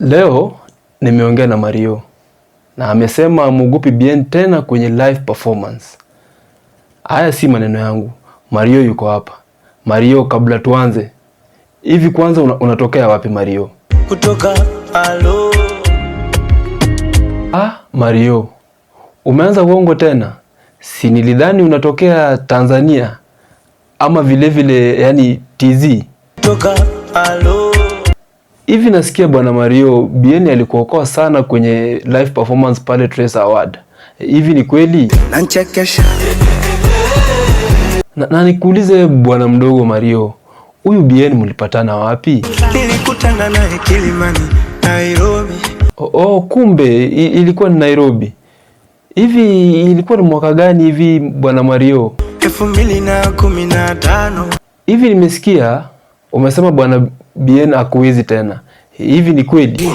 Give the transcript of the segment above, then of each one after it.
Leo nimeongea na Mario na amesema amuogopi Bien tena kwenye live performance. Haya si maneno yangu, Mario yuko hapa. Mario, kabla tuanze hivi, kwanza una, unatokea wapi Mario? Kutoka alo. Ah, Mario umeanza uongo tena, si nilidhani unatokea Tanzania ama vilevile vile, yani TZ. Kutoka alo. Hivi nasikia bwana Mario BN alikuokoa sana kwenye live performance pale Trace Award. Hivi ni kweli? Na, na nikuulize bwana mdogo Mario, huyu BN mlipatana wapi? Nilikutana naye Kilimani, Nairobi. Oh, oh, kumbe ilikuwa ni Nairobi. Hivi ilikuwa ni mwaka gani hivi bwana Mario? 2015. Hivi nimesikia umesema bwana Bien akuizi tena hivi ni kweli?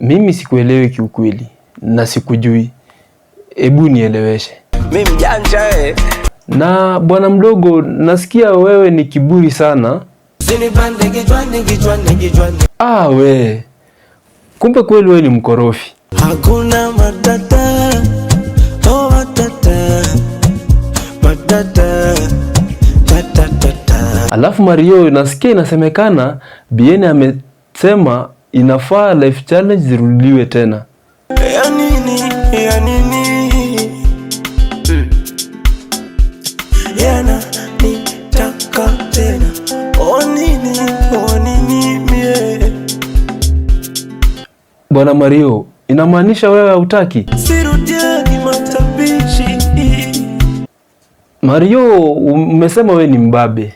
Mimi sikuelewi kiukweli na sikujui, hebu nieleweshe. Mimi janja eh. Na bwana mdogo, nasikia wewe ni kiburi sana. Ah, we kumbe kweli wewe ni mkorofi. Hakuna matata. Alafu Mario nasikia inasemekana bn amesema inafaa life challenge zirudiwe tena. Ya nini, ya nini? Yana nitaka tena. O nini, o nini mie? Bwana Mario, inamaanisha wewe hautaki? Mario, umesema wewe ni mbabe.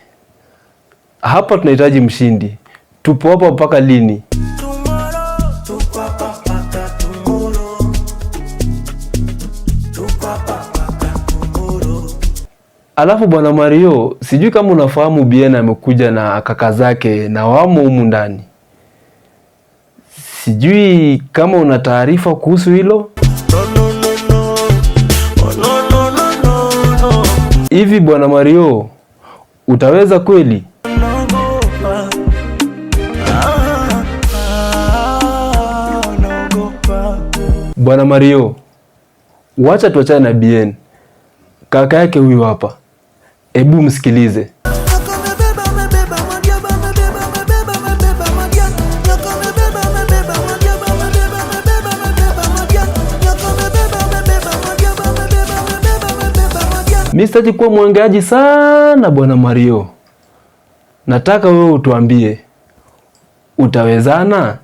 Hapa tunahitaji mshindi. Tupo hapa mpaka lini? Alafu bwana Mario, sijui kama unafahamu Bien amekuja na kaka zake na wamo humu ndani. Sijui kama una taarifa kuhusu hilo. Hivi bwana Mario, utaweza kweli? Bwana Mario, wacha tuachane na bn Kaka yake huyu hapa, hebu msikilize. Mi sitaki kuwa mwangaji sana Bwana Mario, nataka wewe utuambie utawezana